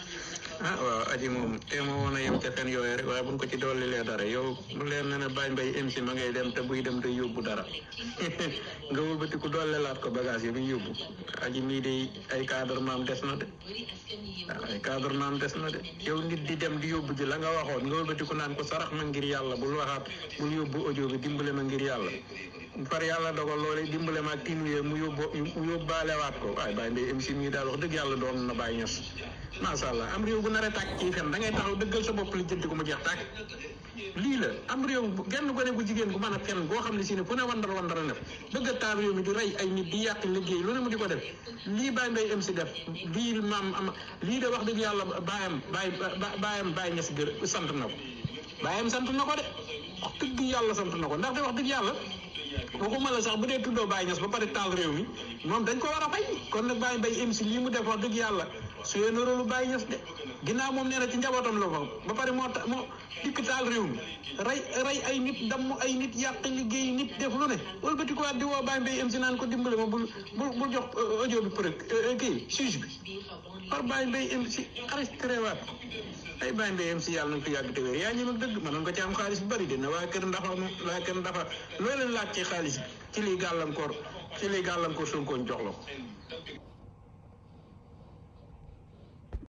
on your ah waaw aji moom téema woon eh, a yem ca fen yooyu rek eh, waaye buñ ko ci dolli lee dara yow mu leen ne bay MC ma ngay dem te buy dem day yóbbu dara nga wëlbati ku dolle laat ko bagage yi yóbbu aji mii de ay cadre maam des na de ay cadre maam des na de yow nit di dem di yóbbu ji la nga waxoon nga wëlbati ku naan ko sarax ma ngir yàlla bul waxaat bul yóbbu audio bi dimbale ma ngir yàlla par yàlla dogal loole dimbale ma ak mu yóbbu mu yóbbaale waat ko waaye bay MC mii daal wax dëgg yàlla doon na bàyyi ñas macha allah am réew nar tak tàkk ci fen da ngay taxaw dëggal sa bopp li jënti ko mu jeex tàkk lii la am réew genn gone gu jigéen gu mën a fen goo xam ne si fu ne wandar wandar a def dëgg taal mi di rey ay nit di yàq liggéey lu ne mu di def lii bàyyi mbay MC def lii mam am lii de wax bayam yàlla bayam bàyyi Bayam bàyyi ñes gër sant na ko bayam sant na ko de wax dëgg yàlla sant na ko ndax de wax dëgg yàlla waxuma la sax bu dee tuddoo bàyyi ñes ba pare taal réew mi moom dañ ko war a fay kon nag bàyyi mbay MC lii mu def wax dëgg yàlla su wee na rôlu bàyyi ñëf de ginnaaw moom nee na ci njabootam la bokk ba pare moo tax moo dikk taal réew mi rey rey ay nit damm ay nit yàq liggéey nit def lu ne wëlbati ko di woo bàyyi mbay am si naan ko dimbale ma bul bul bul euh, bi pré euh, kii juge bi par bàyyi mbay am si enregistré waat ay bàyyi mbay m si yàlla na ko yàgg te wér yaa ñëw ak dëgg mënoon nga ci am xaalis bu bëri dina waa kër ndafa waa kër ndafa loo laaj ci xaalis ci liy gàllankoor ci liy gàllankoor Sonko jox la ko